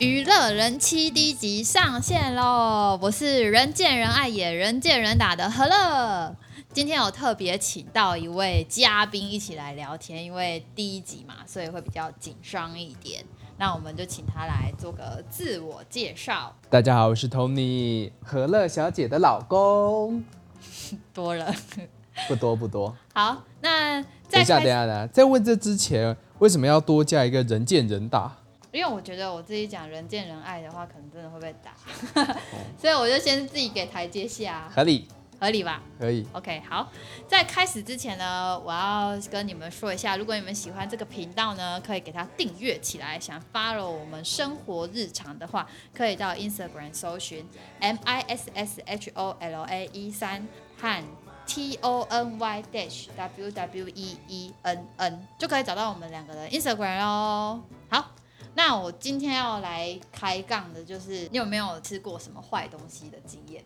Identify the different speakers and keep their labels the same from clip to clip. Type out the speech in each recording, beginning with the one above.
Speaker 1: 娛樂人妻第一集上線嘍！我是人見人愛也人見人打的何樂。今天我特別請到一位嘉賓一起來聊天，因為第一集嘛，所以會比較緊張一點。那我們就請他來做個自我介紹。
Speaker 2: 大家好，我是 Tony 何樂小姐的老公。
Speaker 1: 多了，
Speaker 2: 不多不多。
Speaker 1: 好，那再等一下等
Speaker 2: 一下在問這之前，為什麼要多加一個人見人打？
Speaker 1: 因為我覺得我自己講人見人愛的話，可能真的會被打， 所以我就先自己給台階下，合理合理吧，可以。OK，好，在開始之前呢，我要跟你們說一下，如果你們喜歡這個頻道呢，可以給它訂閱起來。想 follow 我們生活日常的話，可以到 Instagram 搜尋 M I S S H O L A 一三和 T O N Y dash W W E E N N，就可以找到我們兩個的 Instagram 哦。那我今天要來開港的，就是你有沒有吃過什麼壞東西的經驗？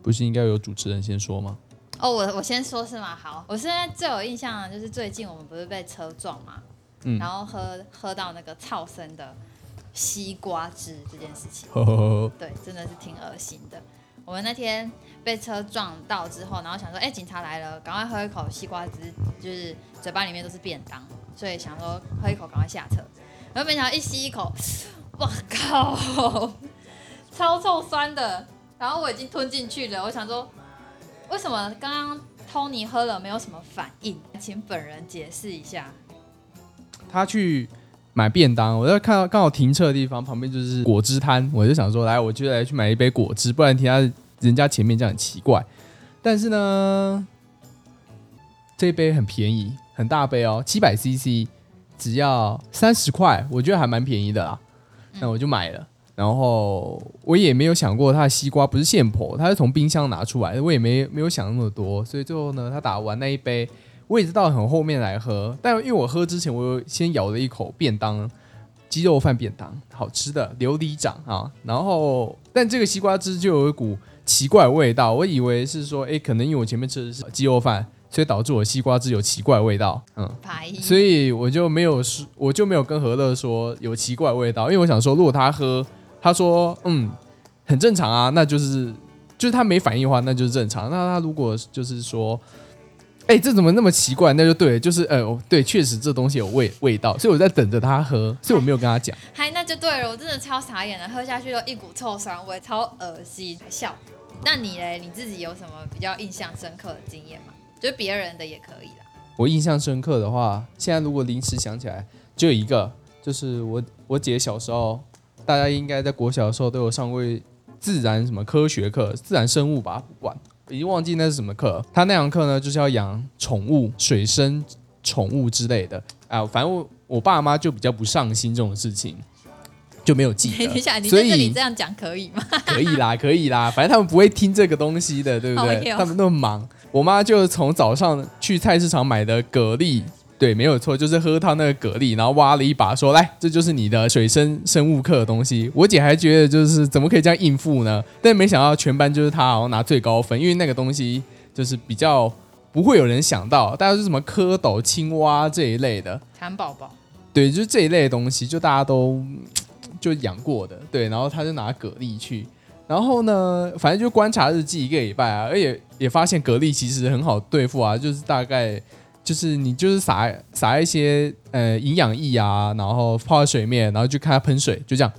Speaker 2: 不是應該有主持人先說嗎？
Speaker 1: 哦，我我先說是嗎？好，我現在最有印象的就是最近我們不是被車撞嗎？嗯、然後喝喝到那個臭酸的西瓜汁這件事情。Oh. 對，真的是挺噁心的。我們那天被車撞到之後，然後想說，哎、欸，警察來了，趕快喝一口西瓜汁，就是嘴巴裡面都是便當，所以想說喝一口，趕快下車。沒想到一吸一口，我靠，超臭酸的！然後我已經吞進去了。我想說，為什麼剛剛托尼喝了沒有什麼反應？請本人解釋一下。
Speaker 2: 他去買便當，我就看到剛好停車的地方，旁邊就是果汁攤。我就想說，來，我就來去買一杯果汁，不然停在人家前面這樣很奇怪。但是呢，這杯很便宜，很大杯哦，七百 CC。只要三十塊，我覺得還蠻便宜的啦，那我就買了。然後我也沒有想過他的西瓜不是現剖，他是從冰箱拿出來，我也沒沒有想那麼多，所以最後呢，他打完那一杯，我一直到很後面來喝。但因為我喝之前，我有先咬了一口便當雞肉飯便當，好吃的琉璃掌啊。然後，但這個西瓜汁就有一股奇怪的味道，我以為是說，誒、欸，可能因為我前面吃的是雞肉飯。所以導致我西瓜汁有奇怪的味道，嗯，所以我就沒有說，我就沒有跟何樂說有奇怪的味道，因為我想說，如果他喝，他說嗯，很正常啊，那就是就是他沒反應的話，那就是正常。那他如果就是說，哎，這怎麼那麼奇怪？那就對了，就是呃，對，確實這東西有味味道。所以我在等着他喝，所以我沒有跟他講。
Speaker 1: 哎，那就對了，我真的超傻眼了，喝下去都一股臭酸味，超惡心，笑。那你嘞，你自己有什麼比較印象深刻的經驗嗎？就別人的也可以
Speaker 2: 啦。我印象深刻的話，現在如果臨時想起來，就有一個，就是我我姐小時候，大家應該在國小的時候都有上過自然什麼科學課、自然生物吧，不管已經忘記那是什麼課。他那堂課呢，就是要養寵物、水生寵物之類的啊。反正我我爸媽就比較不上心這種事情，就沒有記得。等一下，所以你覺得你這樣
Speaker 1: 講可以嗎？
Speaker 2: 可以啦，可以啦，反正他們不會聽這個東西的，對不對？Oh, okay. 他們那麼忙。我媽就從早上去菜市場買的蛤蜊，對，沒有錯，就是喝湯那個蛤蜊，然後挖了一把，說，來，這就是你的水生生物課的東西。我姐還覺得就是怎麼可以這樣應付呢？但沒想到全班就是她好像拿最高分，因為那個東西就是比較不會有人想到，大家就是什麼蝌蚪、青蛙這一類的蠶寶寶，對，就是這一類的東西，就大家都就養過的，對，然後她就拿蛤蜊去，然後呢，反正就觀察日記一個禮拜啊，而且。也發現蛤蜊其實很好對付啊，就是大概就是你就是撒撒一些呃營養液啊，然後泡在水面，然後就看它噴水，就這樣，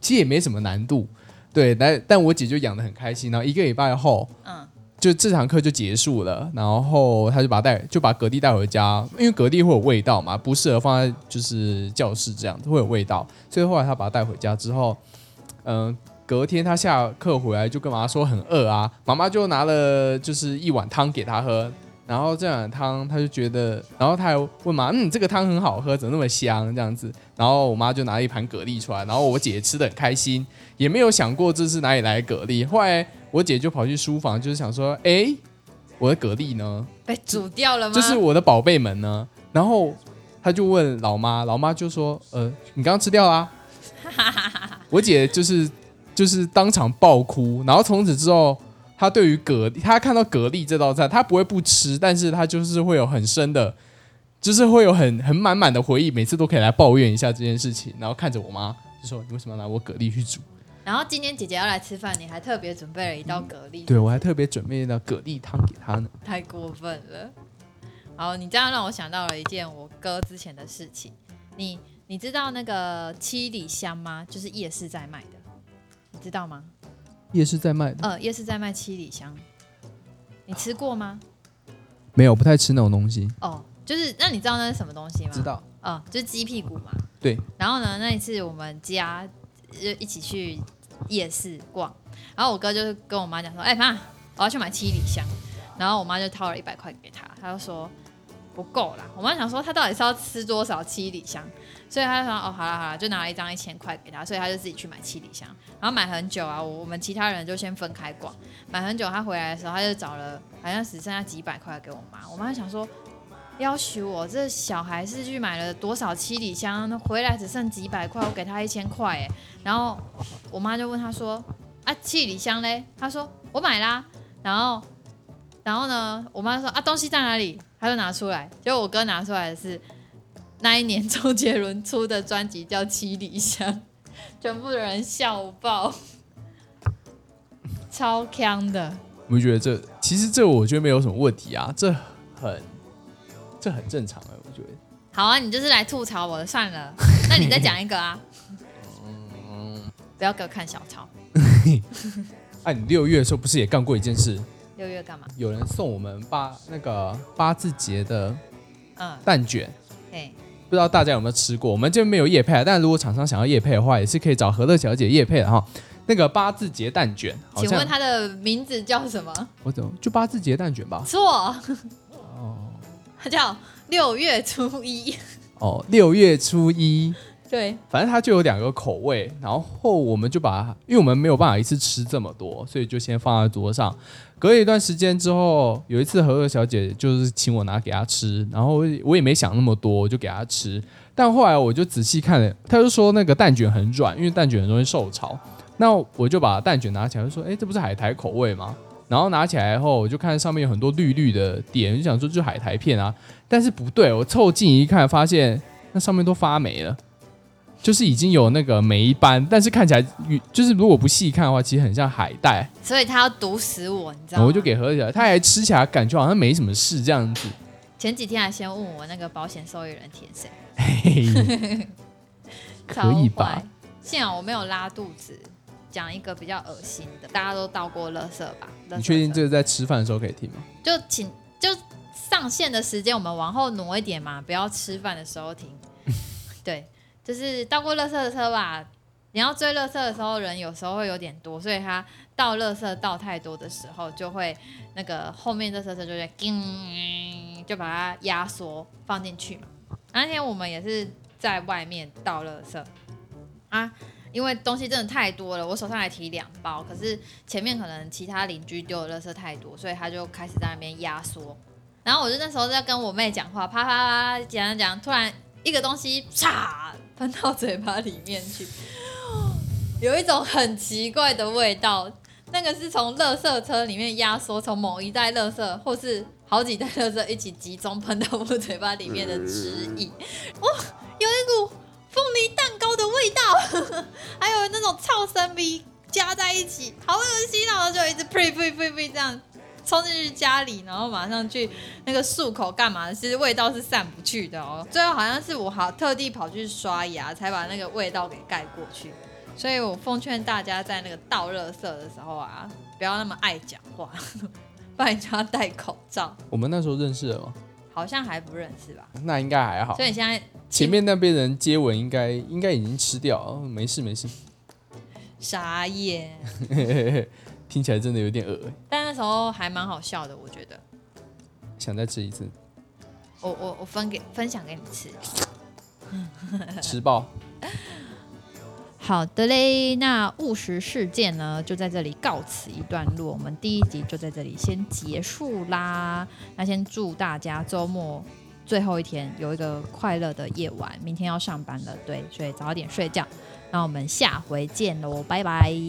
Speaker 2: 其實也沒什麼難度。對，但但我姐就養得很開心，然後一個禮拜後，嗯，就這堂課就結束了，然後她就把它帶就把蛤蜊帶回家，因為蛤蜊會有味道嘛，不適合放在就是教室這樣，會有味道，所以後來她把它帶回家之後，嗯、呃。隔天他下課回來就跟媽媽說很餓啊，媽媽就拿了就是一碗湯給他喝，然後這碗湯他就覺得，然後他還問媽，嗯，這個湯很好喝，怎麼那麼香這樣子？然後我媽就拿了一盤蛤蜊出來，然後我姐吃的很開心，也沒有想過這是哪裡來的蛤蜊。後來我姐就跑去書房，就是想說，哎，我的蛤蜊呢？被煮掉
Speaker 1: 了嗎、嗯？就是
Speaker 2: 我的寶貝們呢？然後他就問老媽，老媽就說，呃，你剛剛吃掉啦、啊。 我姐就是。就是當場爆哭，然後從此之後，他對於蛤，他看到蛤蜊這道菜，他不會不吃，但是他就是會有很深的，就是會有很很滿滿的回憶，每次都可以來抱怨一下這件事情，然後看着我媽就說：“你為什麼要拿我蛤蜊去煮？”
Speaker 1: 然後今天姐姐要來吃飯，你還特別準備了一道蛤蜊。
Speaker 2: 對，我還特別準備了蛤蜊湯給她呢。
Speaker 1: 太過分了！好，你這樣讓我想到了一件我哥之前的事情。你你知道那個七里香嗎？就是夜市在賣的。知道嗎？
Speaker 2: 夜市在賣。呃，
Speaker 1: 夜市在賣七里香，你吃過嗎？
Speaker 2: 啊、沒有，不太吃那種東西。
Speaker 1: 哦，就是那你知道那是什麼東西嗎？知道。啊、呃，就是雞屁股嘛。對。然後呢，那一次我們家就一起去夜市逛，然後我哥就跟我媽講說：“哎、欸、媽，我要去買七里香。”然後我媽就掏了一百塊給他，他就說。不夠啦，我媽想說她到底是要吃多少七里香，所以她就說哦，好了好了，就拿了一張一千塊給她。所以她就自己去買七里香，然後買很久啊，我,我們其他人就先分開逛，買很久，她回來的時候她就找了，好像只剩下幾百塊給我媽，我媽想說，要許我這小孩是去買了多少七里香，回來只剩幾百塊，我給她一千塊，哎，然後我媽就問她說，啊七里香嘞？她說我買啦，然後。然後呢？我媽說：“啊，東西在哪裡？”她就拿出來。結果我哥拿出來的是那一年周杰倫出的專輯叫《七里香》，全部的人笑爆，超嗆的。
Speaker 2: 我覺得這其實這我覺得沒有什麼問題啊，這很這很正常的、啊。我覺得
Speaker 1: 好啊，你就是來吐槽我的算了。那你再講一個啊？嗯， 不要給我看小抄。
Speaker 2: 哎、 啊，你六月的時候不是也幹過一件事？六月幹嘛？有人送我們八那個八字節的蛋捲，嗯、不知道大家有沒有吃過？我們這邊沒有業配，但如果廠商想要業配的話，也是可以找何樂小姐業配的哈。那個八字節蛋捲，請問它
Speaker 1: 的名字叫什麼？
Speaker 2: 我懂，就八字節蛋捲吧。錯，哦
Speaker 1: 它叫六月初一。
Speaker 2: 哦，六月初一。對，反正它就有兩個口味，然後我們就把，因為我們沒有辦法一次吃這麼多，所以就先放在桌上。隔一段時間之後，有一次何何小姐就是請我拿給她吃，然後我也沒想那麼多，我就給她吃。但後來我就仔細看了，她就說那個蛋卷很軟，因為蛋卷很容易受潮。那我就把蛋卷拿起來，就說：“哎，這不是海苔口味嗎？”然後拿起來後，我就看上面有很多綠綠的點，就想說這是海苔片啊。但是不對，我湊近一看，發現那上面都發霉了。就是已經有那個黴斑，但是看起來，就是如果不細看的話，其實很像海帶。
Speaker 1: 所以他要毒死我，你知道嗎？我就
Speaker 2: 給喝起來，他還吃起來感覺好像沒什麼事這樣子。
Speaker 1: 前幾天還先問我那個保險受益人填誰， 可以吧？幸好我沒有拉肚子。講一個比較噁心的，大家都倒過垃圾吧？垃圾車。你確定
Speaker 2: 這個在吃飯的時候可以聽嗎？
Speaker 1: 就請就上線的時間我們往後挪一點嘛，不要吃飯的時候聽。 對。就是倒過垃圾的車吧，你要追垃圾的時候，人有時候會有點多，所以他倒垃圾倒太多的時候，就會那個後面的車車就會就把它壓縮放進去嘛。那天我們也是在外面倒垃圾啊，因為東西真的太多了，我手上還提兩包，可是前面可能其他鄰居丟的垃圾太多，所以他就開始在那邊壓縮。然後我就那時候在跟我妹講話，啪啪啪講講，突然一個東西啪。噴到嘴巴裡面去，哦，有一種很奇怪的味道。那個是從垃圾車裡面壓縮，從某一袋垃圾或是好幾袋垃圾一起集中噴到我嘴巴裡面的汁液。哇，哦，有一股鳳梨蛋糕的味道， 還有那種臭酸味加在一起，好惡心啊！我就一直呸呸呸呸這樣。衝進去家裡，然後馬上去那個漱口幹嘛的，其實味道是散不去的哦。最後好像是我好特地跑去刷牙，才把那個味道給蓋過去。所以我奉勸大家，在那個倒垃圾的時候啊，不要那麼愛講話，呵呵，不然人家要戴口罩。
Speaker 2: 我們那時候認識了嗎？
Speaker 1: 好像還不認識吧。
Speaker 2: 那應該還好。所以你現在前面那邊人接吻，應該應該已經吃掉，沒事沒事。
Speaker 1: 傻眼。
Speaker 2: 聽起來真的有點惡、欸，
Speaker 1: 但那時候還蠻好笑的，我覺得。
Speaker 2: 想再吃一次，
Speaker 1: 我我我分給分
Speaker 2: 享給你吃，吃 爆。好
Speaker 1: 的嘞，那誤食事件呢，就在這裡告一段落。我們第一集就在這裡先結束啦。那先祝大家週末最後一天有一個快樂的夜晚。明天要上班了，對，所以早點睡覺。那我們下回見嘍，拜拜。